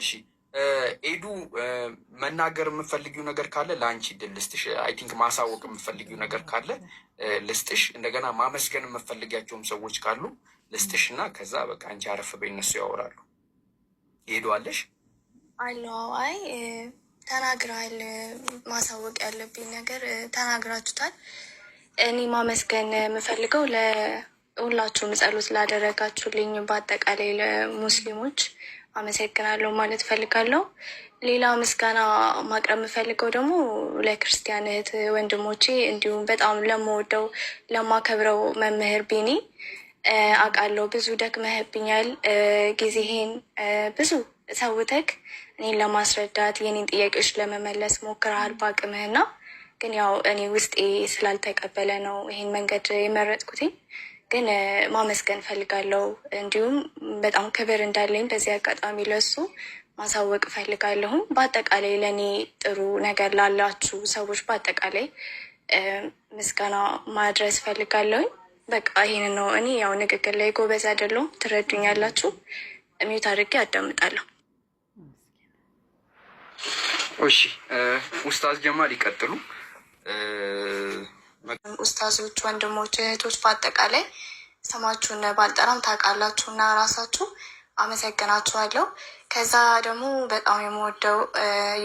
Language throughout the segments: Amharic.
እሺ ኤዱ መናገር የምፈልጊው ነገር ካለ ለአንቺ ድል ልስጥሽ። አይ ቲንክ ማሳወቅ የምፈልጊው ነገር ካለ ልስጥሽ። እንደገና ማመስገን የምፈልጊያቸውም ሰዎች ካሉ ልስጥሽ እና ከዛ በቃ አንቺ አረፍ በይ፣ እነሱ ያወራሉ። ኤዱ አለሽ? አለሁ። አይ ማሳወቅ ያለብኝ ነገር ተናግራችሁታል። እኔ ማመስገን የምፈልገው ለሁላችሁም ጸሎት ላደረጋችሁልኝ፣ በአጠቃላይ ለሙስሊሞች አመሰግናለሁ ማለት ፈልጋለሁ። ሌላ ምስጋና ማቅረብ የምፈልገው ደግሞ ለክርስቲያን እህት ወንድሞቼ፣ እንዲሁም በጣም ለመወደው ለማከብረው መምህር ቢኒ አውቃለሁ ብዙ ደክመህብኛል። ጊዜህን ብዙ ሰውተክ እኔን ለማስረዳት የኔን ጥያቄዎች ለመመለስ ሞክረሃል በአቅምህና፣ ግን ያው እኔ ውስጤ ስላልተቀበለ ነው ይሄን መንገድ የመረጥኩትኝ። ግን ማመስገን ፈልጋለው። እንዲሁም በጣም ክብር እንዳለኝ በዚህ አጋጣሚ ለሱ ማሳወቅ ፈልጋለሁም። በአጠቃላይ ለእኔ ጥሩ ነገር ላላችሁ ሰዎች በአጠቃላይ ምስጋና ማድረስ ፈልጋለሁኝ። በቃ ይህን ነው። እኔ ያው ንግግር ላይ ጎበዝ አይደለሁም፣ ትረዱኛላችሁ። ሚዩት አድርጌ አዳምጣለሁ። እሺ ኡስታዝ ጀማል ይቀጥሉ። ኡስታዞች፣ ወንድሞች፣ እህቶች በአጠቃላይ ስማችሁን ባልጠራም ታውቃላችሁ እና ራሳችሁ አመሰግናችኋለሁ። ከዛ ደግሞ በጣም የምወደው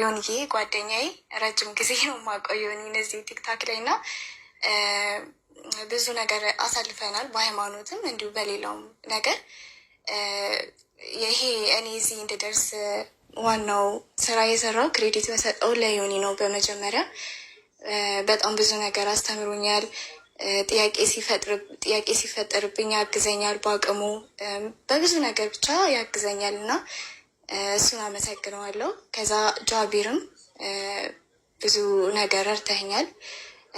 ዮንዬ ጓደኛዬ ረጅም ጊዜ ነው የማውቀው ዮኒን እነዚህ ቲክታክ ላይ እና ብዙ ነገር አሳልፈናል በሃይማኖትም እንዲሁ በሌላውም ነገር ይሄ እኔ እዚህ እንድደርስ ዋናው ስራ የሰራው ክሬዲት መሰጠው ለዮኒ ነው በመጀመሪያ በጣም ብዙ ነገር አስተምሮኛል። ጥያቄ ሲፈጠርብኝ ያግዘኛል፣ በአቅሙ በብዙ ነገር ብቻ ያግዘኛል እና እሱን አመሰግነዋለሁ። ከዛ ጃቢርም ብዙ ነገር እርተኛል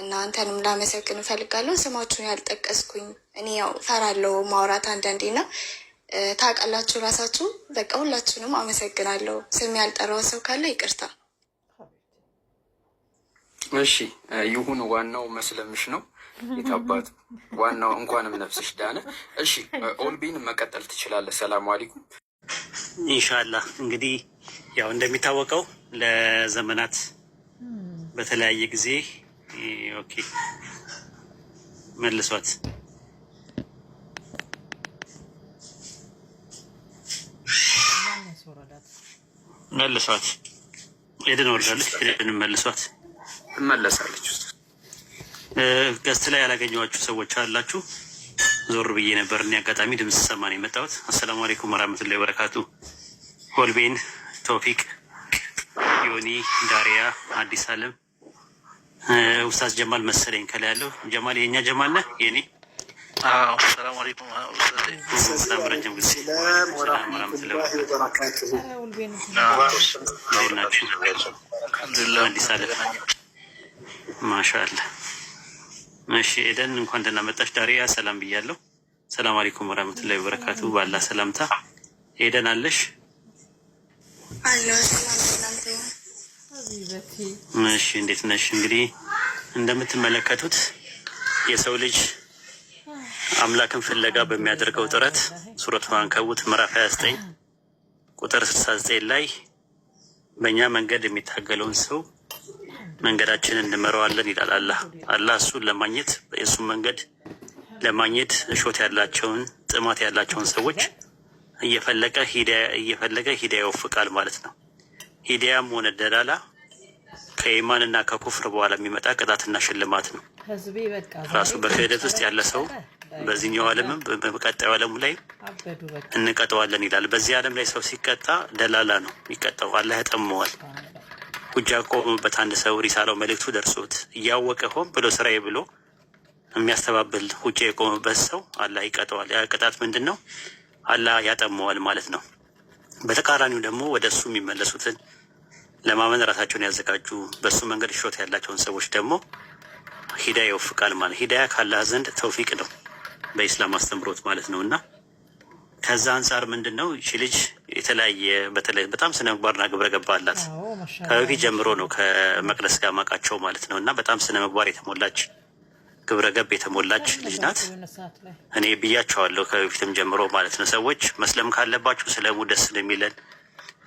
እና አንተንም ላመሰግን እፈልጋለሁ። ስማችሁን ያልጠቀስኩኝ እኔ ያው ፈራለው ማውራት አንዳንዴ ነው ታውቃላችሁ ራሳችሁ በቃ ሁላችሁንም አመሰግናለሁ። ስም ያልጠራው ሰው ካለ ይቅርታ። እሺ ይሁን። ዋናው መስለምሽ ነው የታባት ዋናው። እንኳንም ነፍስሽ ዳነ። እሺ ኦልቢን መቀጠል ትችላለህ። ሰላም አለይኩም። ኢንሻላህ እንግዲህ ያው እንደሚታወቀው ለዘመናት በተለያየ ጊዜ ኦኬ መልሷት መልሷት ሄደን ወርዳለች ሄደን መልሷት ትመለሳለች። ገስት ላይ ያላገኘኋችሁ ሰዎች አላችሁ? ዞር ብዬ ነበር። እኔ አጋጣሚ ድምፅ ሰማን የመጣሁት። አሰላሙ አሌይኩም ወራህመቱላሂ ወበረካቱ። ሆልቤን፣ ቶፊቅ፣ ዮኒ፣ ዳሪያ፣ አዲስ አለም፣ ኡስታዝ ጀማል መሰለኝ ከላይ ያለው ጀማል፣ የእኛ ጀማል ነህ የኔ ሰላም አለይኩም ረጅም ጊዜ አልሐምዱሊላህ ማሻአላ። እሺ ኤደን እንኳን ደህና መጣሽ። ዳሪያ ሰላም ብያለሁ። ሰላም አለይኩም ወራህመቱላሂ ወበረካቱ። ባላ ሰላምታ ኤደን አለሽ? እሺ እንዴት ነሽ? እንግዲህ እንደምትመለከቱት የሰው ልጅ አምላክን ፍለጋ በሚያደርገው ጥረት ሱረቱ አንከውት ምዕራፍ 29 ቁጥር 69 ላይ በእኛ መንገድ የሚታገለውን ሰው መንገዳችንን እንመራዋለን ይላል አላህ። አላህ እሱን ለማግኘት የእሱን መንገድ ለማግኘት እሾት ያላቸውን ጥማት ያላቸውን ሰዎች እየፈለቀ እየፈለገ ሂዳያ ይወፍቃል ማለት ነው። ሂዳያም ሆነ ደላላ ከኢማንና ከኩፍር በኋላ የሚመጣ ቅጣትና ሽልማት ነው። ራሱ በክህደት ውስጥ ያለ ሰው በዚህኛው ዓለምም በቀጣዩ ዓለሙ ላይ እንቀጠዋለን ይላል። በዚህ ዓለም ላይ ሰው ሲቀጣ ደላላ ነው የሚቀጣው፣ አላህ ያጠመዋል። ጉጃ ቆሙበት አንድ ሰው ሪሳላው መልእክቱ ደርሶት እያወቀ ሆን ብሎ ስራዬ ብሎ የሚያስተባብል ጉጃ የቆመበት ሰው አላህ ይቀጠዋል። ያ ቅጣት ምንድን ነው? አላህ ያጠመዋል ማለት ነው። በተቃራኒው ደግሞ ወደ እሱ የሚመለሱትን ለማመን ራሳቸውን ያዘጋጁ በእሱ መንገድ ሾት ያላቸውን ሰዎች ደግሞ ሂዳያ ይወፍቃል ማለት ሂዳያ ካላህ ዘንድ ተውፊቅ ነው በኢስላም አስተምሮት ማለት ነው እና ከዛ አንጻር ምንድን ነው ይቺ ልጅ የተለያየ በተለይ በጣም ስነ ምግባርና ግብረ ገባ አላት። ከበፊት ጀምሮ ነው ከመቅደስ ጋር ማቃቸው ማለት ነው። እና በጣም ስነ ምግባር የተሞላች ግብረ ገብ የተሞላች ልጅ ናት። እኔ ብያቸዋለሁ ከበፊትም ጀምሮ ማለት ነው። ሰዎች መስለም ካለባችሁ ስለሙ። ደስ ነው የሚለን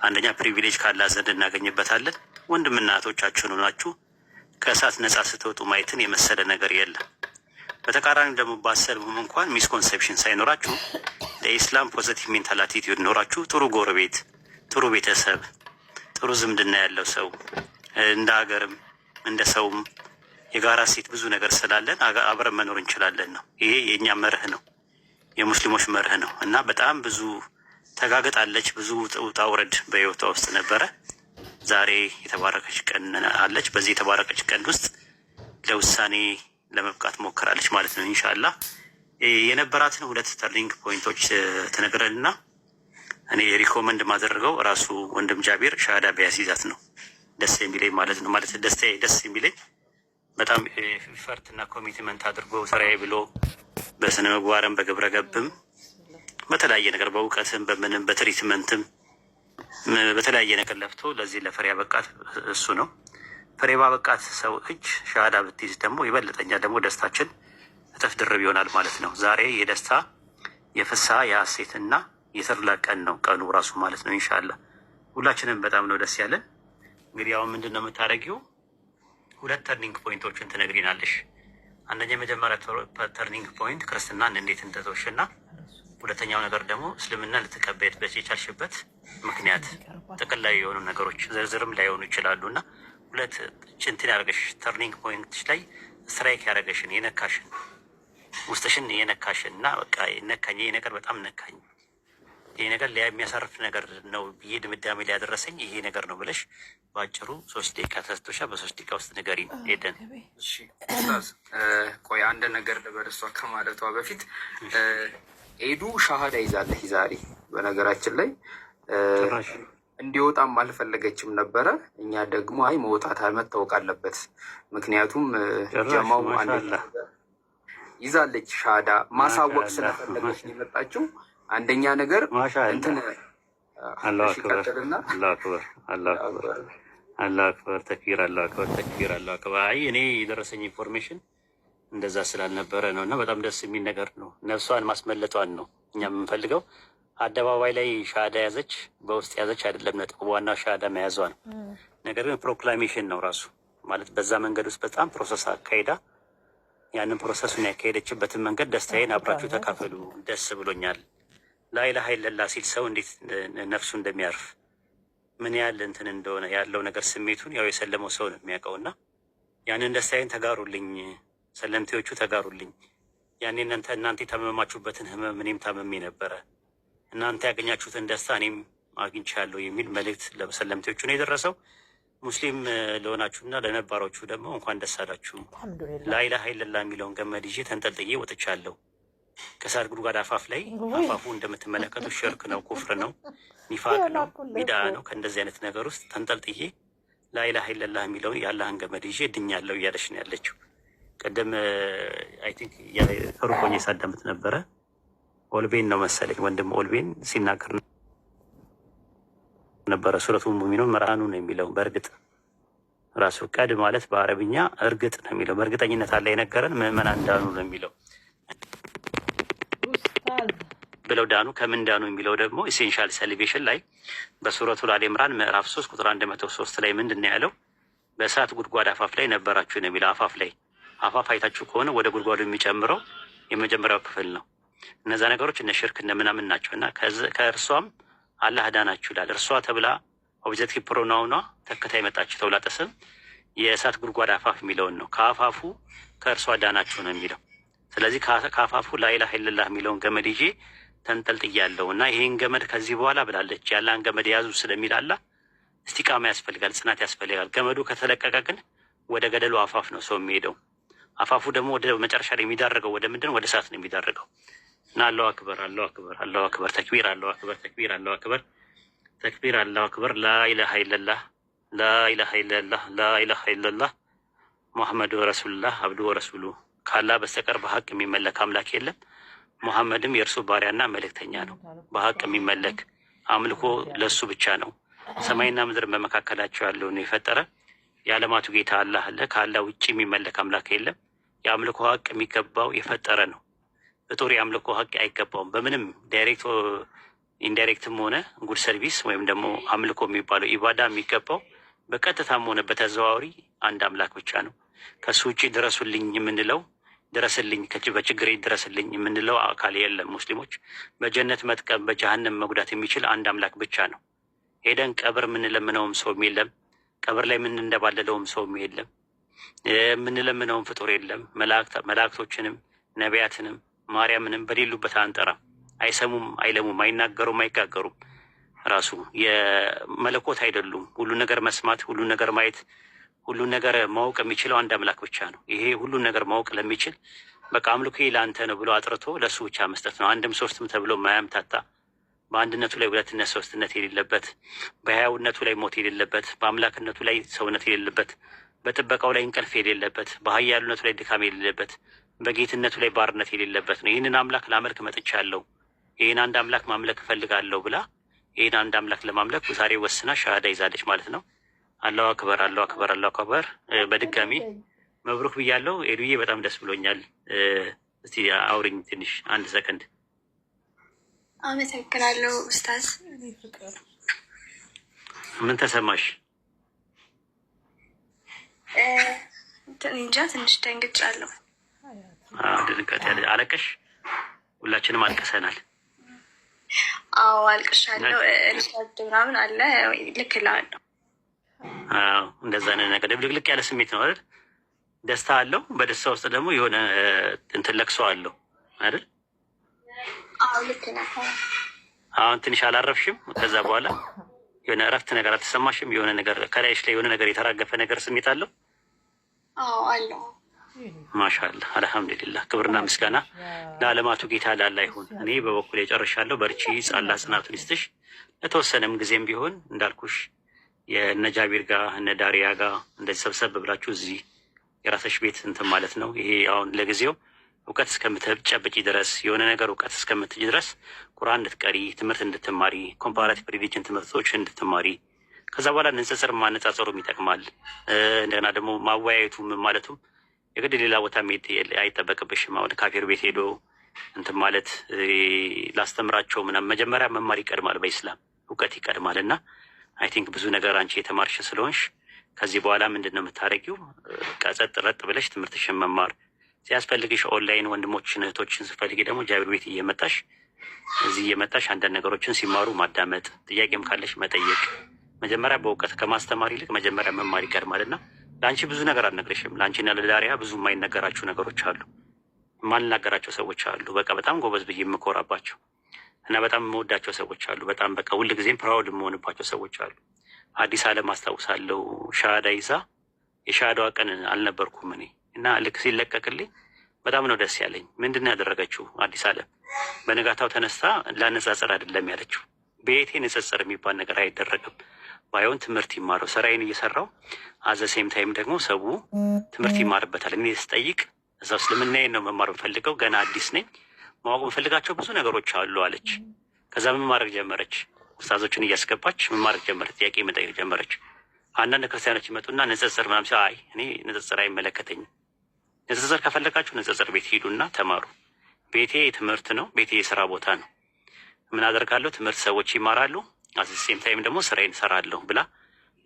አንደኛ ፕሪቪሌጅ ካላት ዘንድ እናገኝበታለን። ወንድምና እህቶቻችሁን ሆናችሁ ከእሳት ነጻ ስትወጡ ማየትን የመሰለ ነገር የለም። በተቃራኒ ደግሞ ባሰብም እንኳን ሚስኮንሴፕሽን ሳይኖራችሁ ለኢስላም ፖዘቲቭ ሜንታል አቲቲዩድ ኖራችሁ ጥሩ ጎረቤት፣ ጥሩ ቤተሰብ፣ ጥሩ ዝምድና ያለው ሰው እንደ ሀገርም እንደ ሰውም የጋራ ሴት ብዙ ነገር ስላለን አብረን መኖር እንችላለን ነው። ይሄ የእኛ መርህ ነው፣ የሙስሊሞች መርህ ነው እና በጣም ብዙ ተጋግጣለች። ብዙ ውጣ ውረድ በህይወቷ ውስጥ ነበረ። ዛሬ የተባረከች ቀን አለች። በዚህ የተባረከች ቀን ውስጥ ለውሳኔ ለመብቃት ሞከራለች ማለት ነው። እንሻላ የነበራትን ሁለት ተርኒንግ ፖይንቶች ትነግረንና እኔ ሪኮመንድ ማደረገው ራሱ ወንድም ጃቢር ሻሃዳ በያሲዛት ነው ደስ የሚለኝ ማለት ነው። ማለት ደስ ደስ የሚለኝ በጣም እና ኮሚትመንት አድርጎ ስራዬ ብሎ በስነ ምግባርም በግብረ ገብም በተለያየ ነገር በእውቀትም በምንም በትሪትመንትም በተለያየ ነገር ለፍቶ ለዚህ ለፈሪያ በቃት እሱ ነው። ፍሬ ባበቃት ሰው እጅ ሻሃዳ ብትይዝ ደግሞ የበለጠኛ ደግሞ ደስታችን እጥፍ ድርብ ይሆናል ማለት ነው። ዛሬ የደስታ የፍስሐ እና የተድላ ቀን ነው፣ ቀኑ ራሱ ማለት ነው። እንሻላ ሁላችንም በጣም ነው ደስ ያለን። እንግዲህ አሁን ምንድን ነው የምታደርጊው? ሁለት ተርኒንግ ፖይንቶችን ትነግሪናለሽ። አንደኛ የመጀመሪያ ተርኒንግ ፖይንት ክርስትናን እንዴት እንደተውሽና ሁለተኛው ነገር ደግሞ እስልምና ልትቀበይበት የቻልሽበት ምክንያት ጥቅል ላይ የሆኑ ነገሮች ዝርዝርም ላይሆኑ ይችላሉ እና ሁለት ችንትን ያደረገሽ ተርኒንግ ፖይንትሽ ላይ ስትራይክ ያደረገሽን የነካሽን ውስጥሽን የነካሽን እና በቃ ነካኝ፣ ይሄ ነገር በጣም ነካኝ፣ ይሄ ነገር የሚያሳርፍ ነገር ነው ብዬ ድምዳሜ ሊያደረሰኝ ይሄ ነገር ነው ብለሽ በአጭሩ ሶስት ደቂቃ ተስቶሻ፣ በሶስት ደቂቃ ውስጥ ንገሪኝ። ሄደን ቆይ አንድ ነገር ልበል። እሷ ከማለቷ በፊት ኤዱ ሻሃዳ ይዛለች ዛሬ በነገራችን ላይ እንዲወጣም አልፈለገችም ነበረ። እኛ ደግሞ አይ መውጣት መታወቅ አለበት፣ ምክንያቱም ጀማው ይዛለች ሻዳ ማሳወቅ ስለፈለገች የመጣችው አንደኛ ነገር እንትን አላሁ አክበር አላሁ አክበር ተክቢር አላሁ አክበር ተክቢር አላሁ አክበር። አይ እኔ የደረሰኝ ኢንፎርሜሽን እንደዛ ስላልነበረ ነው። እና በጣም ደስ የሚል ነገር ነው። ነፍሷን ማስመለጧን ነው እኛ የምንፈልገው። አደባባይ ላይ ሻሃዳ ያዘች በውስጥ ያዘች አይደለም ነጥብ፣ ዋናው ሻሃዳ መያዟ ነው። ነገር ግን ፕሮክላሜሽን ነው ራሱ ማለት በዛ መንገድ ውስጥ በጣም ፕሮሰስ አካሂዳ ያንን ፕሮሰሱን ያካሄደችበትን መንገድ ደስታዬን አብራችሁ ተካፈሉ፣ ደስ ብሎኛል። ላኢላሃ ኢለላህ ሲል ሰው እንዴት ነፍሱ እንደሚያርፍ ምን ያህል እንትን እንደሆነ ያለው ነገር ስሜቱን ያው የሰለመው ሰው ነው የሚያውቀውና ያንን ደስታዬን ተጋሩልኝ፣ ሰለምቴዎቹ ተጋሩልኝ። ያኔ እናንተ እናንተ የታመማችሁበትን ህመም እኔም ታመሜ ነበረ እናንተ ያገኛችሁትን ደስታ እኔም አግኝቻለሁ የሚል መልእክት ለሰለምቴዎቹ ነው የደረሰው። ሙስሊም ለሆናችሁና ለነባሮቹ ደግሞ እንኳን ደስ አላችሁ። ላኢላሃ ኢለላህ የሚለውን ገመድ ይዤ ተንጠልጥዬ ወጥቻለሁ። ከሳር ጉድጓድ አፋፍ ላይ አፋፉ እንደምትመለከቱ ሽርክ ነው፣ ኩፍር ነው፣ ኒፋቅ ነው፣ ቢድዓ ነው። ከእንደዚህ አይነት ነገር ውስጥ ተንጠልጥዬ ላኢላሃ ኢለላህ የሚለውን የአላህን ገመድ ይዤ ድኛለሁ እያለች ነው ያለችው። ቅድም አይ ቲንክ ከሩቆኜ ሳዳምጥ ነበረ ኦልቤን ነው መሰለኝ ወንድም ኦልቤን ሲናገር ነበረ። ሱረቱ ሙሚኑን መርሃኑ ነው የሚለው። በእርግጥ ራሱ ቀድ ማለት በአረብኛ እርግጥ ነው የሚለው። በእርግጠኝነት አለ የነገረን ምዕመናን ዳኑ ነው የሚለው ብለው ዳኑ ከምን ዳኑ የሚለው ደግሞ ኢሴንሻል ሰሊቬሽን ላይ በሱረቱ ላል ኢምራን ምዕራፍ ሶስት ቁጥር አንድ መቶ ሶስት ላይ ምንድን ነው ያለው? በእሳት ጉድጓድ አፋፍ ላይ ነበራችሁ ነው የሚለው። አፋፍ ላይ አፋፍ አይታችሁ ከሆነ ወደ ጉድጓዱ የሚጨምረው የመጀመሪያው ክፍል ነው። እነዛ ነገሮች እነ ሽርክ እነ ምናምን ናቸው እና ከእርሷም አላህ ዳናችሁ ይላል። እርሷ ተብላ ኦብጀክቲቭ ፕሮናውኗ ተከታይ መጣችሁ ተብላ ጠስም የእሳት ጉድጓድ አፋፍ የሚለውን ነው። ከአፋፉ ከእርሷ ዳናችሁ ነው የሚለው። ስለዚህ ከአፋፉ ላኢላሃ ኢለላህ የሚለውን ገመድ ይዤ ተንጠልጥያለሁ እና ይህን ገመድ ከዚህ በኋላ ብላለች። ያላን ገመድ የያዙ ስለሚል አላ እስቲቃማ ያስፈልጋል፣ ጽናት ያስፈልጋል። ገመዱ ከተለቀቀ ግን ወደ ገደሉ አፋፍ ነው ሰው የሚሄደው። አፋፉ ደግሞ ወደ መጨረሻ ላይ የሚዳረገው ወደ ምንድን ወደ እሳት ነው የሚዳረገው። እና አላሁ አክበር አላሁ አክበር አላሁ አክበር ተክቢር አላሁ አክበር ተክቢር አላሁ አክበር ተክቢር አላሁ አክበር ላኢላሃ ኢለላህ ላኢላሃ ኢለላህ ላኢላሃ ኢለላህ ሙሐመዱ ረሱሉላህ አብዱ ወረሱሉ ከአላህ በስተቀር በሀቅ የሚመለክ አምላክ የለም። ሙሐመድም የእርሱ ባሪያና መልእክተኛ ነው። በሀቅ የሚመለክ አምልኮ ለእሱ ብቻ ነው። ሰማይና ምድርን በመካከላቸው ያለውን የፈጠረ የዓለማቱ ጌታ አላህ አለ። ከአላህ ውጭ የሚመለክ አምላክ የለም። የአምልኮ ሀቅ የሚገባው የፈጠረ ነው። በጦር የአምልኮ ሀቅ አይገባውም። በምንም ዳይሬክት ኢንዳይሬክትም ሆነ ጉድ ሰርቪስ ወይም ደግሞ አምልኮ የሚባለው ኢባዳ የሚገባው በቀጥታም ሆነ በተዘዋዋሪ አንድ አምላክ ብቻ ነው። ከሱ ውጭ ድረሱልኝ የምንለው ድረስልኝ፣ በችግሬ ድረስልኝ የምንለው አካል የለም። ሙስሊሞች በጀነት መጥቀም በጀሃንም መጉዳት የሚችል አንድ አምላክ ብቻ ነው። ሄደን ቀብር የምንለምነውም ሰውም የለም። ቀብር ላይ የምንንደባለለውም ሰውም የለም። የምንለምነውም ፍጡር የለም። መላእክቶችንም ነቢያትንም ማርያምንም በሌሉበት አንጠራም። አይሰሙም፣ አይለሙም፣ አይናገሩም፣ አይጋገሩም። ራሱ የመለኮት አይደሉም። ሁሉ ነገር መስማት፣ ሁሉ ነገር ማየት፣ ሁሉ ነገር ማወቅ የሚችለው አንድ አምላክ ብቻ ነው። ይሄ ሁሉ ነገር ማወቅ ለሚችል በቃ አምልኮ ለአንተ ነው ብሎ አጥርቶ ለእሱ ብቻ መስጠት ነው። አንድም ሶስትም ተብሎ ማያምታታ በአንድነቱ ላይ ሁለትነት ሶስትነት የሌለበት በሕያውነቱ ላይ ሞት የሌለበት በአምላክነቱ ላይ ሰውነት የሌለበት በጥበቃው ላይ እንቅልፍ የሌለበት በኃያሉነቱ ላይ ድካም የሌለበት በጌትነቱ ላይ ባርነት የሌለበት ነው። ይህንን አምላክ ላመልክ መጥቻለሁ፣ ይህን አንድ አምላክ ማምለክ እፈልጋለሁ ብላ ይህን አንድ አምላክ ለማምለክ ዛሬ ወስና ሻሃዳ ይዛለች ማለት ነው። አላሁ አክበር፣ አላሁ አክበር፣ አላሁ አክበር። በድጋሚ መብሩክ ብያለሁ። ኤዱዬ በጣም ደስ ብሎኛል። እስቲ አውሪኝ ትንሽ አንድ ሰከንድ። አመሰግናለሁ ኡስታዝ። ምን ተሰማሽ? እንጃ ትንሽ ደንግጫለሁ። ድንቀት ያለ አለቀሽ። ሁላችንም አልቀሰናል። አዎ አልቅሻለሁ። ልሳድ ምናምን አለ ልክ ላለው እንደዛ ነገር ድብልቅልቅ ያለ ስሜት ነው አይደል? ደስታ አለው። በደስታ ውስጥ ደግሞ የሆነ እንትን ለቅሶ አለው አይደል? አዎ ልክ ነህ። አሁን ትንሽ አላረፍሽም? ከዛ በኋላ የሆነ እረፍት ነገር አልተሰማሽም? የሆነ ነገር ከላይሽ ላይ የሆነ ነገር የተራገፈ ነገር ስሜት አለው? አዎ አለው። ማሻላ አልሐምዱሊላ ክብርና ምስጋና ለዓለማቱ ጌታ ላላ ይሁን። እኔ በበኩል የጨርሻለሁ። በርቺ፣ ጻላ ጽናቱን ይስጥሽ። ለተወሰነም ጊዜም ቢሆን እንዳልኩሽ የእነ ጃቢር ጋር እነ ዳሪያ ጋር እንደዚህ ሰብሰብ ብላችሁ እዚህ የራሰሽ ቤት እንትን ማለት ነው። ይሄ አሁን ለጊዜው እውቀት እስከምትጨብጪ ድረስ የሆነ ነገር እውቀት እስከምትጭ ድረስ ቁርአን እንድትቀሪ ትምህርት እንድትማሪ ኮምፓራቲቭ ሪሊጅን ትምህርቶች እንድትማሪ ከዛ በኋላ ንጽጽር ማነጻጸሩም ይጠቅማል። እንደገና ደግሞ ማወያየቱም ማለቱም የግድ ሌላ ቦታ ሄድ አይጠበቅብሽም። አሁን ካፌር ቤት ሄዶ እንትን ማለት ላስተምራቸው ምናምን መጀመሪያ መማር ይቀድማል። በኢስላም እውቀት ይቀድማል። እና አይ ቲንክ ብዙ ነገር አንቺ የተማርሽ ስለሆንሽ ከዚህ በኋላ ምንድን ነው የምታደርጊው? ቀጸጥ ረጥ ብለሽ ትምህርትሽን መማር ሲያስፈልግሽ ኦንላይን ወንድሞችን እህቶችን ስፈልጊ ደግሞ ጃቢር ቤት እየመጣሽ እዚህ እየመጣሽ አንዳንድ ነገሮችን ሲማሩ ማዳመጥ፣ ጥያቄም ካለሽ መጠየቅ። መጀመሪያ በእውቀት ከማስተማር ይልቅ መጀመሪያ መማር ይቀድማል እና ለአንቺ ብዙ ነገር አልነግርሽም። ለአንቺና ለዳሪያ ብዙ የማይነገራችሁ ነገሮች አሉ፣ የማልናገራቸው ሰዎች አሉ። በቃ በጣም ጎበዝ ብዬ የምኮራባቸው እና በጣም የምወዳቸው ሰዎች አሉ። በጣም በቃ ጊዜም ፕራውድ የምሆንባቸው ሰዎች አሉ። አዲስ አለም አስታውሳለሁ። ሻሃዳ ይዛ የሻሃዳዋ ቀን አልነበርኩም እኔ እና ልክ ሲለቀቅልኝ በጣም ነው ደስ ያለኝ። ምንድን ነው ያደረገችው? አዲስ አለም በንጋታው ተነስታ ላነጻጸር አይደለም ያለችው። በየቴ ንጽጽር የሚባል ነገር አይደረግም። ባየውን ትምህርት ይማረው ስራዬን እየሰራው ሴም ታይም ደግሞ ሰው ትምህርት ይማርበታል። እኔ ስጠይቅ እዛው እስልምናዬን ነው መማር የምፈልገው፣ ገና አዲስ ነኝ፣ ማወቅ የምፈልጋቸው ብዙ ነገሮች አሉ አለች። ከዛ ምን ጀመረች? ውስታዞችን እያስገባች ምን ጀመረች? ጥያቄ መጠየቅ ጀመረች። አንዳንድ ክርስቲያኖች ይመጡና ንጽጽር ምናምን ሲሉ፣ አይ እኔ ንጽጽር አይመለከተኝም። ንጽጽር ከፈለጋችሁ ንጽጽር ቤት ሂዱና ተማሩ። ቤቴ ትምህርት ነው፣ ቤቴ የስራ ቦታ ነው። ምን አደርጋለሁ? ትምህርት ሰዎች ይማራሉ አዘሴም ታይም ደግሞ ስራዬን እሰራለሁ ብላ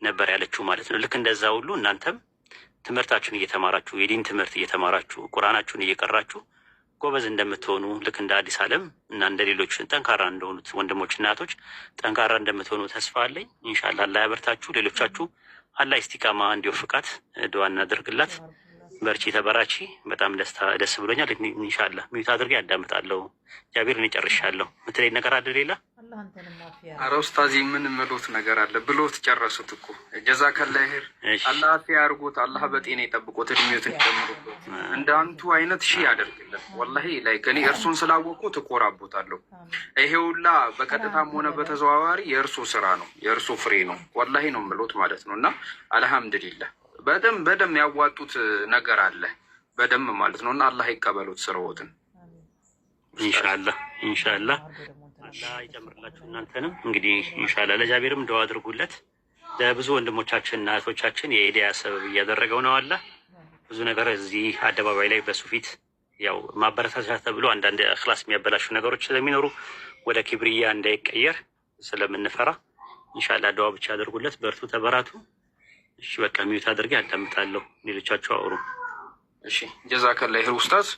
ነበር ያለችው ማለት ነው። ልክ እንደዛ ሁሉ እናንተም ትምህርታችሁን እየተማራችሁ የዲን ትምህርት እየተማራችሁ ቁርአናችሁን እየቀራችሁ ጎበዝ እንደምትሆኑ ልክ እንደ አዲስ አለም እና እንደ ሌሎች ጠንካራ እንደሆኑት ወንድሞች እናቶች ጠንካራ እንደምትሆኑ ተስፋ አለኝ። ኢንሻላህ አላህ ያበርታችሁ። ሌሎቻችሁ አላህ ኢስቲቃማ እንዲወፍቃት ዱዓ እናደርግላት። በርቺ ተበራቺ። በጣም ደስ ብሎኛል። እንሻላ ሚዩት አድርጌ ያዳምጣለሁ። እግዚአብሔር እኔ ጨርሻለሁ። ምትለኝ ነገር አለ ሌላ? አረ ኡስታዚ ምን ምሎት ነገር አለ ብሎት ጨረሱት እኮ ጀዛከላ ይሄር አላህ ፊ አርጎት አላህ በጤና የጠብቆት እድሜዎትን ጨምሮበት እንደ አንቱ አይነት ሺ ያደርግለት ወላሂ ላይ ከኔ እርሱን ስላወቁት እኮራቦታለሁ። ይሄ ሁላ በቀጥታም ሆነ በተዘዋዋሪ የእርሱ ስራ ነው፣ የእርሱ ፍሬ ነው። ወላሂ ነው ምሎት ማለት ነው እና አልሐምድሊላህ በደም በደም ያዋጡት ነገር አለ በደም ማለት ነው። እና አላህ ይቀበሉት ስርዎትን ኢንሻአላ ኢንሻአላ አላህ ይጨምርላችሁ እናንተንም። እንግዲህ ኢንሻአላ ለእግዚአብሔርም ደዋ አድርጉለት። ለብዙ ወንድሞቻችንና እና እህቶቻችን ሰብ ሰበብ እያደረገው ነው። አላህ ብዙ ነገር እዚህ አደባባይ ላይ በሱ ፊት ያው ማበረታቻ ተብሎ አንዳንድ እክላስ የሚያበላሹ ነገሮች ስለሚኖሩ ወደ ኪብርያ እንዳይቀየር ስለምንፈራ ኢንሻአላ ደዋ ብቻ አድርጉለት። በርቱ፣ ተበራቱ። እሺ በቃ ሚዩት አድርጌ አዳምጣለሁ። ሌሎቻችሁ አውሩ። እሺ ጀዛከላ ይህር ውስታዝ፣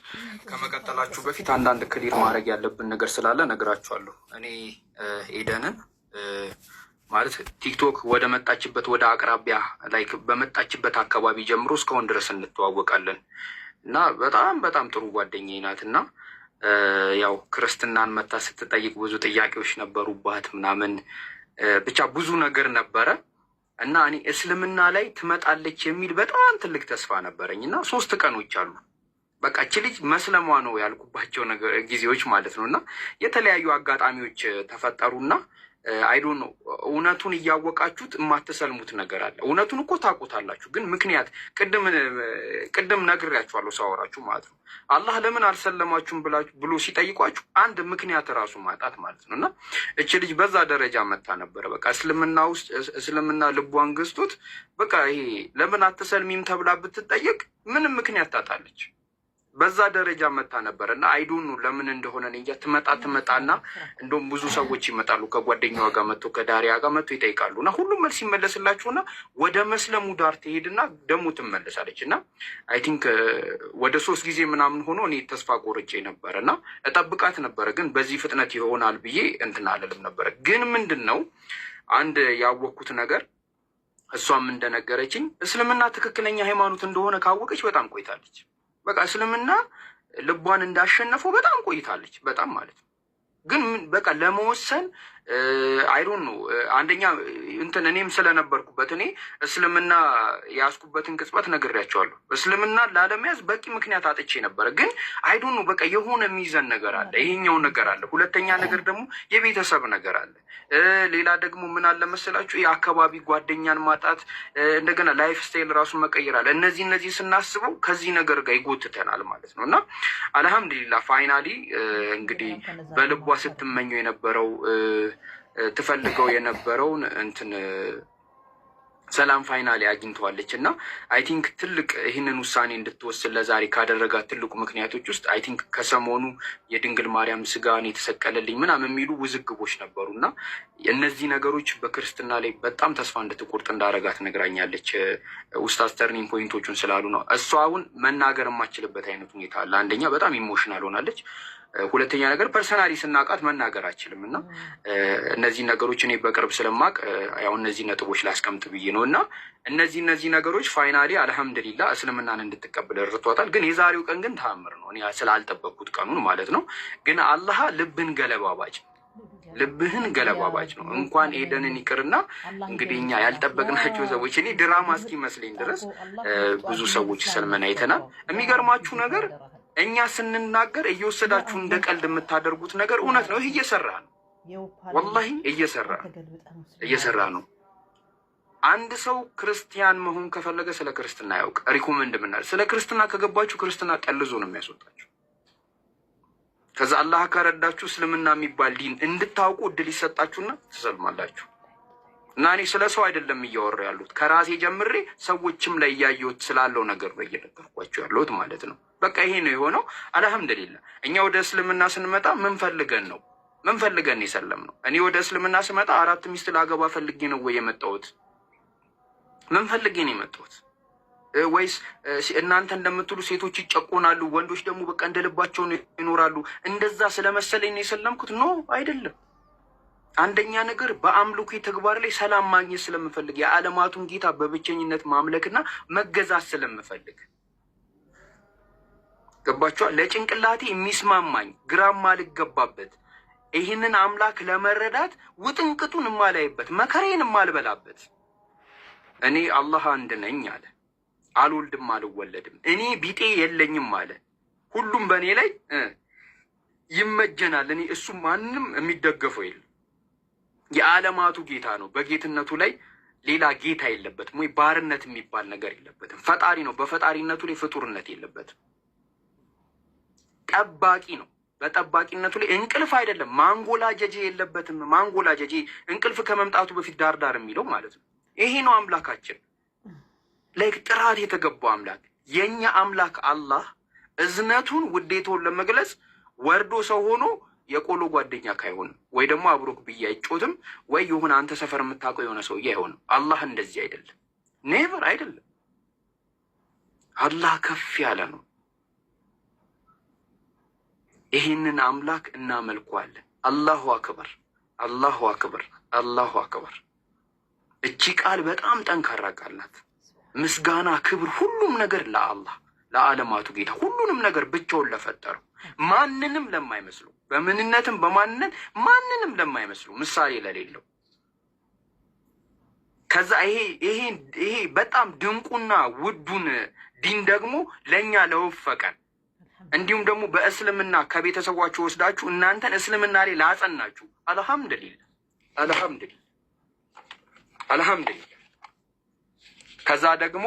ከመቀጠላችሁ በፊት አንዳንድ ክሊር ማድረግ ያለብን ነገር ስላለ ነግራችኋለሁ። እኔ ኤደንን ማለት ቲክቶክ ወደ መጣችበት ወደ አቅራቢያ ላይ በመጣችበት አካባቢ ጀምሮ እስካሁን ድረስ እንተዋወቃለን እና በጣም በጣም ጥሩ ጓደኛ ናት እና ያው ክርስትናን መታ ስትጠይቅ ብዙ ጥያቄዎች ነበሩባት ምናምን ብቻ ብዙ ነገር ነበረ እና እኔ እስልምና ላይ ትመጣለች የሚል በጣም ትልቅ ተስፋ ነበረኝ እና ሶስት ቀኖች አሉ በቃ እቺ ልጅ መስለሟ ነው ያልኩባቸው ጊዜዎች ማለት ነው። እና የተለያዩ አጋጣሚዎች ተፈጠሩና አይዶን ነው እውነቱን እያወቃችሁት የማትሰልሙት ነገር አለ። እውነቱን እኮ ታውቁታላችሁ፣ ግን ምክንያት ቅድም ነግሬያችኋለሁ ሳወራችሁ ማለት ነው። አላህ ለምን አልሰለማችሁም ብሎ ሲጠይቋችሁ አንድ ምክንያት እራሱ ማጣት ማለት ነው። እና እች ልጅ በዛ ደረጃ መታ ነበረ። በቃ እስልምና ውስጥ እስልምና ልቧን ገዝቶት በቃ ይሄ ለምን አትሰልሚም ተብላ ብትጠየቅ ምንም ምክንያት ታጣለች። በዛ ደረጃ መታ ነበር እና አይዶኑ ለምን እንደሆነ እንጃ። ትመጣ ትመጣና እንደውም ብዙ ሰዎች ይመጣሉ ከጓደኛዋ ጋር መጥቶ ከዳሪያ ጋር መጥቶ ይጠይቃሉ እና ሁሉም መልስ ይመለስላችሁና ወደ መስለሙ ዳር ትሄድና ደግሞ ትመለሳለች እና አይ ቲንክ ወደ ሶስት ጊዜ ምናምን ሆኖ እኔ ተስፋ ቆርጬ ነበር እና እጠብቃት ነበረ፣ ግን በዚህ ፍጥነት ይሆናል ብዬ እንትን አለልም ነበረ። ግን ምንድን ነው አንድ ያወቅኩት ነገር እሷም እንደነገረችኝ እስልምና ትክክለኛ ሃይማኖት እንደሆነ ካወቀች በጣም ቆይታለች። በቃ እስልምና ልቧን እንዳሸነፈው በጣም ቆይታለች። በጣም ማለት ነው ግን በቃ ለመወሰን አይዶን ነው አንደኛ እንትን እኔም ስለነበርኩበት እኔ እስልምና የያዝኩበትን ቅጽበት ነግሬያቸዋለሁ። እስልምና ላለመያዝ በቂ ምክንያት አጥቼ ነበረ። ግን አይዶን ነው በቃ የሆነ የሚይዘን ነገር አለ። ይሄኛው ነገር አለ። ሁለተኛ ነገር ደግሞ የቤተሰብ ነገር አለ። ሌላ ደግሞ ምን አለ መሰላችሁ የአካባቢ ጓደኛን ማጣት፣ እንደገና ላይፍ ስታይል ራሱን መቀየር አለ። እነዚህ እነዚህ ስናስበው ከዚህ ነገር ጋር ይጎትተናል ማለት ነው እና አልሐምዱሊላ ፋይናሊ እንግዲህ በልቧ ስትመኘው የነበረው ትፈልገው የነበረውን እንትን ሰላም ፋይናል አግኝተዋለች እና አይ ቲንክ ትልቅ ይህንን ውሳኔ እንድትወስን ለዛሬ ካደረጋት ትልቁ ምክንያቶች ውስጥ አይ ቲንክ ከሰሞኑ የድንግል ማርያም ስጋን የተሰቀለልኝ ምናምን የሚሉ ውዝግቦች ነበሩ እና እነዚህ ነገሮች በክርስትና ላይ በጣም ተስፋ እንድትቆርጥ እንዳረጋት ነግራኛለች። ኡስታዝ ተርኒንግ ፖይንቶቹን ስላሉ ነው። እሷ አሁን መናገር የማችልበት አይነት ሁኔታ አለ። አንደኛ በጣም ኢሞሽናል ሆናለች። ሁለተኛ ነገር ፐርሰናሊ ስናውቃት መናገር አይችልም እና እነዚህ ነገሮች እኔ በቅርብ ስለማቅ ያው እነዚህ ነጥቦች ላስቀምጥ ብዬ ነው እና እነዚህ እነዚህ ነገሮች ፋይናሊ አልሐምድሊላ እስልምናን እንድትቀበል ርቷታል። ግን የዛሬው ቀን ግን ተአምር ነው። እኔ ስላልጠበቅኩት ቀኑን ማለት ነው። ግን አላህ ልብን ገለባባጭ ልብህን ገለባባጭ ነው። እንኳን ኤደንን ይቅርና እንግዲህ እኛ ያልጠበቅናቸው ሰዎች እኔ ድራማ እስኪመስለኝ ድረስ ብዙ ሰዎች ሰልመን አይተናል። የሚገርማችሁ ነገር እኛ ስንናገር እየወሰዳችሁ እንደ ቀልድ የምታደርጉት ነገር እውነት ነው። ይህ እየሰራ ነው፣ ወላሂ እየሰራ እየሰራ ነው። አንድ ሰው ክርስቲያን መሆን ከፈለገ ስለ ክርስትና ያውቅ። ሪኮመንድ ምናል ስለ ክርስትና ከገባችሁ ክርስትና ጠልዞ ነው የሚያስወጣችሁ። ከዛ አላህ ከረዳችሁ እስልምና የሚባል ዲን እንድታውቁ እድል ይሰጣችሁና ትሰልማላችሁ። እና እኔ ስለ ሰው አይደለም እያወራ ያሉት ከራሴ ጀምሬ ሰዎችም ላይ እያየሁት ስላለው ነገር ነው እየነገርኳቸው ያለሁት ማለት ነው። በቃ ይሄ ነው የሆነው። አልሐምድሊላ እኛ ወደ እስልምና ስንመጣ ምን ፈልገን ነው ምን ፈልገን የሰለም ነው? እኔ ወደ እስልምና ስመጣ አራት ሚስት ላገባ ፈልጌ ነው ወይ የመጣሁት? ምን ፈልጌ ነው የመጣሁት? ወይስ እናንተ እንደምትሉ ሴቶች ይጨቆናሉ፣ ወንዶች ደግሞ በቃ እንደልባቸው ይኖራሉ፣ እንደዛ ስለመሰለኝ ነው የሰለምኩት? ኖ አይደለም። አንደኛ ነገር በአምልኮ ተግባር ላይ ሰላም ማግኘት ስለምፈልግ የዓለማቱን ጌታ በብቸኝነት ማምለክና መገዛት ስለምፈልግ ገባችኋ? ለጭንቅላቴ የሚስማማኝ ግራም ማልገባበት ይህንን አምላክ ለመረዳት ውጥንቅጡን የማላይበት መከሬን የማልበላበት እኔ አላህ አንድ ነኝ አለ። አልወልድም አልወለድም፣ እኔ ቢጤ የለኝም አለ። ሁሉም በእኔ ላይ ይመጀናል። እኔ እሱ ማንም የሚደገፈው የለም። የዓለማቱ ጌታ ነው። በጌትነቱ ላይ ሌላ ጌታ የለበትም ወይ ባርነት የሚባል ነገር የለበትም። ፈጣሪ ነው። በፈጣሪነቱ ላይ ፍጡርነት የለበትም። ጠባቂ ነው። በጠባቂነቱ ላይ እንቅልፍ አይደለም ማንጎላጀጄ የለበትም። ማንጎላጀጄ እንቅልፍ ከመምጣቱ በፊት ዳር ዳር የሚለው ማለት ነው። ይሄ ነው አምላካችን። ላይክ ጥራት የተገባው አምላክ የእኛ አምላክ አላህ እዝነቱን ውዴታውን ለመግለጽ ወርዶ ሰው ሆኖ የቆሎ ጓደኛ ካይሆንም ወይ ደግሞ አብሮክ ብዬ አይጮትም ወይ የሆነ አንተ ሰፈር የምታውቀው የሆነ ሰውዬ አይሆንም። አላህ እንደዚህ አይደለም፣ ኔቨር አይደለም። አላህ ከፍ ያለ ነው። ይህንን አምላክ እናመልኳለን። አላሁ አክበር፣ አላሁ አክበር፣ አላሁ አክበር። እቺ ቃል በጣም ጠንካራ ቃል ናት። ምስጋና፣ ክብር፣ ሁሉም ነገር ለአላህ ለዓለማቱ ጌታ ሁሉንም ነገር ብቻውን ለፈጠረው ማንንም ለማይመስሉ በምንነትም በማንነት ማንንም ለማይመስሉ ምሳሌ ለሌለው ከዛ ይሄ ይሄ በጣም ድንቁና ውዱን ዲን ደግሞ ለእኛ ለወፈቀን እንዲሁም ደግሞ በእስልምና ከቤተሰቧችሁ ወስዳችሁ እናንተን እስልምና ላይ ላጸናችሁ። አልሐምድሊላ አልሐምድሊላ አልሐምድሊላ ከዛ ደግሞ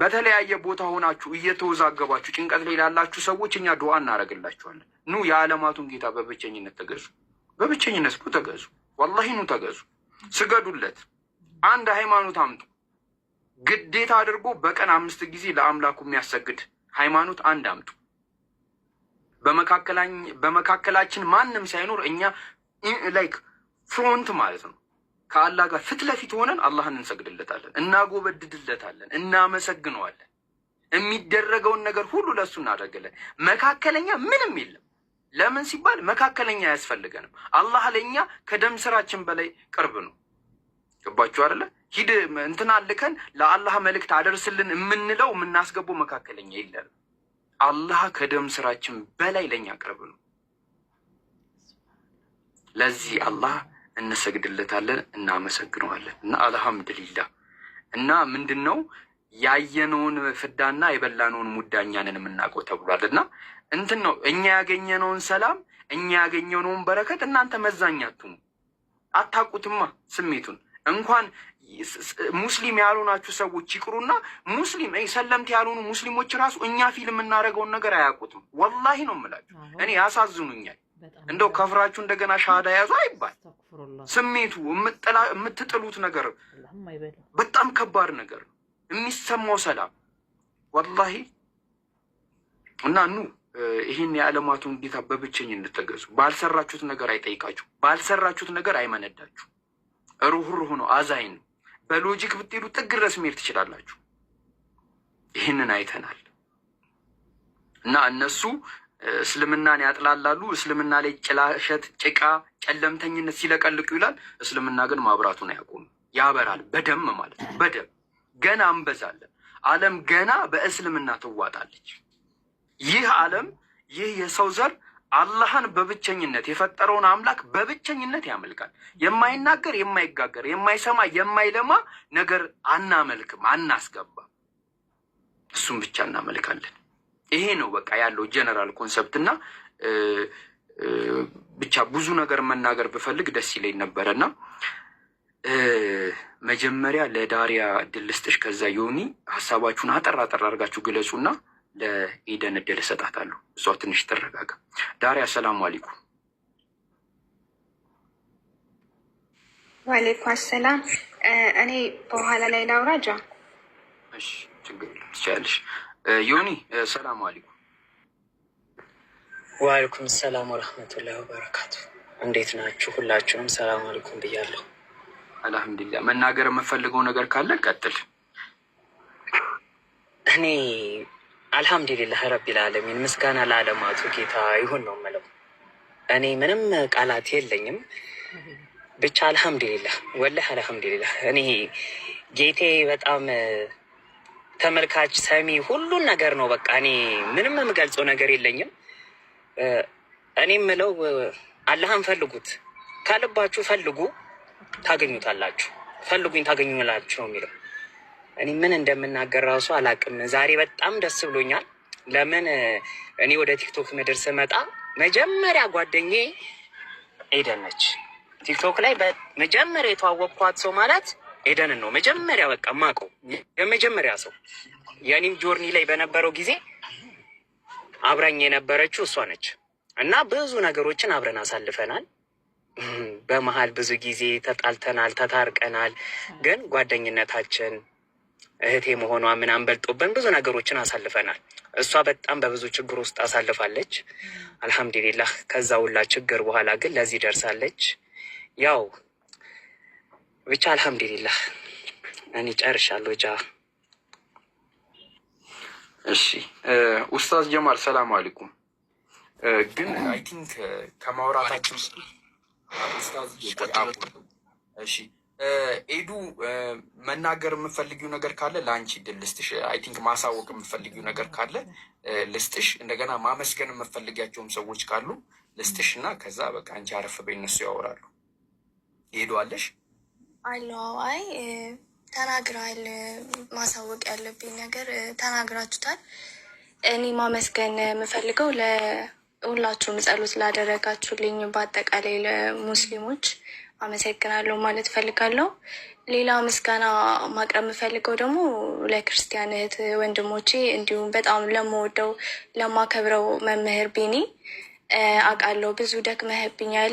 በተለያየ ቦታ ሆናችሁ እየተወዛገባችሁ ጭንቀት ላይ ላላችሁ ሰዎች እኛ ዱዓ እናደርግላችኋለን። ኑ የዓለማቱን ጌታ በብቸኝነት ተገዙ፣ በብቸኝነት ኑ ተገዙ፣ ወላሂ ኑ ተገዙ፣ ስገዱለት። አንድ ሃይማኖት አምጡ ግዴታ አድርጎ በቀን አምስት ጊዜ ለአምላኩ የሚያሰግድ ሃይማኖት አንድ አምጡ። በመካከላችን ማንም ሳይኖር እኛ ላይክ ፍሮንት ማለት ነው ከአላህ ጋር ፊት ለፊት ሆነን አላህን እንሰግድለታለን፣ እናጎበድድለታለን፣ እናመሰግነዋለን። የሚደረገውን ነገር ሁሉ ለእሱ እናደርግለን። መካከለኛ ምንም የለም። ለምን ሲባል መካከለኛ አያስፈልገንም። አላህ ለእኛ ከደም ስራችን በላይ ቅርብ ነው። ገባችሁ አይደለ? ሂድ እንትና ልከን ለአላህ መልእክት አደርስልን የምንለው የምናስገባው መካከለኛ የለም። አላህ ከደም ስራችን በላይ ለእኛ ቅርብ ነው። ለዚህ አላህ እንሰግድለታለን፣ እናመሰግነዋለን እና አልሐምድሊላ እና ምንድን ነው ያየነውን ፍዳና የበላነውን ሙዳኛንን የምናውቀው ተብሏል። እና እንትን ነው እኛ ያገኘነውን ሰላም እኛ ያገኘነውን በረከት እናንተ መዛኛቱም አታውቁትማ ስሜቱን እንኳን ሙስሊም ያልሆናችሁ ሰዎች ይቅሩና ሙስሊም ሰለምት ያልሆኑ ሙስሊሞች ራሱ እኛ ፊልም የምናደርገውን ነገር አያውቁትም። ወላሂ ነው የምላችሁ እኔ ያሳዝኑኛል። እንደው ከፍራችሁ እንደገና ሻሃዳ ያዙ አይባል። ስሜቱ የምትጥሉት ነገር በጣም ከባድ ነገር የሚሰማው ሰላም ወላሂ እና ኑ ይህን የዓለማቱን ጌታ በብቸኝነት ተገዙ። ባልሰራችሁት ነገር አይጠይቃችሁ፣ ባልሰራችሁት ነገር አይመነዳችሁ። ሩህሩህ ነው፣ አዛኝ ነው። በሎጂክ ብትሄዱ ጥግ ድረስ መሄድ ትችላላችሁ። ይህንን አይተናል እና እነሱ እስልምናን ያጥላላሉ። እስልምና ላይ ጭላሸት፣ ጭቃ፣ ጨለምተኝነት ሲለቀልቁ ይላል። እስልምና ግን ማብራቱን አያቆም ያበራል፣ በደም ማለት ነው። በደም ገና እንበዛለን። ዓለም ገና በእስልምና ትዋጣለች። ይህ ዓለም ይህ የሰው ዘር አላህን በብቸኝነት የፈጠረውን አምላክ በብቸኝነት ያመልካል። የማይናገር የማይጋገር የማይሰማ የማይለማ ነገር አናመልክም፣ አናስገባም። እሱም ብቻ እናመልካለን። ይሄ ነው በቃ ያለው ጀነራል ኮንሰፕት እና ብቻ ብዙ ነገር መናገር ብፈልግ ደስ ይለኝ ነበረ እና መጀመሪያ ለዳሪያ እድል ልስጥሽ፣ ከዛ ዮኒ ሀሳባችሁን አጠር አጠር አድርጋችሁ ግለጹና ለኢደን እድል እሰጣታለሁ። እሷ ትንሽ ትረጋጋ። ዳሪያ ሰላም አለይኩም። ዋሌኩ አሰላም። እኔ በኋላ ላይ ላውራጃ። እሺ ችግር ትችላለሽ። ዮኒ ሰላም አለይኩም። ወአለይኩም ሰላም ወረህመቱላሂ ወበረካቱ። እንዴት ናችሁ? ሁላችሁንም ሰላም አለይኩም ብያለሁ። አልሐምዱሊላህ። መናገር የምፈልገው ነገር ካለ ቀጥል። እኔ አልሐምዱሊላህ ረቢል ዓለሚን ምስጋና ለዓለማቱ ጌታ ይሁን ነው የምለው። እኔ ምንም ቃላት የለኝም ብቻ አልሐምዱሊላህ፣ ወላህ አልሐምዱሊላህ። እኔ ጌቴ በጣም ተመልካች፣ ሰሚ፣ ሁሉን ነገር ነው። በቃ እኔ ምንም የምገልጸው ነገር የለኝም። እኔ ምለው አላህን ፈልጉት ካልባችሁ ፈልጉ ታገኙታላችሁ፣ ፈልጉኝ ታገኙላችሁ ነው የሚለው። እኔ ምን እንደምናገር ራሱ አላቅም። ዛሬ በጣም ደስ ብሎኛል። ለምን እኔ ወደ ቲክቶክ ምድር ስመጣ መጀመሪያ ጓደኜ ኤደን ነች። ቲክቶክ ላይ መጀመሪያ የተዋወቅኳት ሰው ማለት ኤደንን ነው መጀመሪያ በቃ ማቀው የመጀመሪያ ሰው የኔም ጆርኒ ላይ በነበረው ጊዜ አብራኝ የነበረችው እሷ ነች እና ብዙ ነገሮችን አብረን አሳልፈናል። በመሀል ብዙ ጊዜ ተጣልተናል፣ ተታርቀናል። ግን ጓደኝነታችን እህቴ መሆኗ ምናምን በልጦብን ብዙ ነገሮችን አሳልፈናል። እሷ በጣም በብዙ ችግር ውስጥ አሳልፋለች። አልሐምዱሊላህ ከዛ ሁላ ችግር በኋላ ግን ለዚህ ደርሳለች ያው ብቻ አልሐምዱሊላህ እኔ ጨርሻለሁ። ጃ እሺ፣ ኡስታዝ ጀማል ሰላም አለይኩም። ግን አይ ቲንክ ከማውራታችን እሺ፣ ኤዱ መናገር የምፈልጊው ነገር ካለ ለአንቺ ድል ልስጥሽ። አይ ቲንክ ማሳወቅ የምፈልጊው ነገር ካለ ልስጥሽ። እንደገና ማመስገን የምፈልጊያቸውም ሰዎች ካሉ ልስጥሽ እና ከዛ በቃ አንቺ አረፍ በይ፣ እነሱ ያወራሉ። አለሽ አለዋዋይ ተናግራል። ማሳወቅ ያለብኝ ነገር ተናግራችሁታል። እኔ ማመስገን የምፈልገው ለሁላችሁም ጸሎት ላደረጋችሁልኝ በአጠቃላይ ለሙስሊሞች አመሰግናለሁ ማለት ፈልጋለሁ። ሌላ ምስጋና ማቅረብ የምፈልገው ደግሞ ለክርስቲያን እህት ወንድሞቼ እንዲሁም በጣም ለመወደው ለማከብረው መምህር ቢኒ አውቃለሁ ብዙ ደክመህብኛል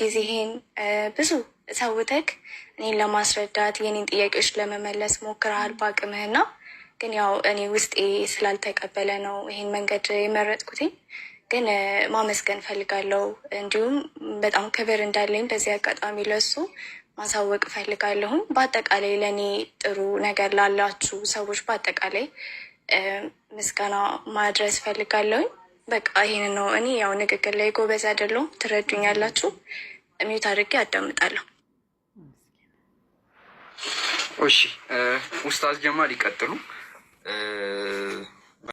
ጊዜህን ብዙ ሰውተክ እኔን ለማስረዳት የኔን ጥያቄዎች ለመመለስ ሞክረሃል በአቅምህና ግን ያው እኔ ውስጤ ስላልተቀበለ ነው ይሄን መንገድ የመረጥኩትኝ። ግን ማመስገን ፈልጋለሁ። እንዲሁም በጣም ክብር እንዳለኝ በዚህ አጋጣሚ ለሱ ማሳወቅ ፈልጋለሁም። በአጠቃላይ ለእኔ ጥሩ ነገር ላላችሁ ሰዎች በአጠቃላይ ምስጋና ማድረስ ፈልጋለሁኝ። በቃ ይህን ነው። እኔ ያው ንግግር ላይ ጎበዝ አይደለሁም፣ ትረዱኛላችሁ። ሚዩት አድርጌ አዳምጣለሁ። እሺ ኡስታዝ ጀማል ይቀጥሉ።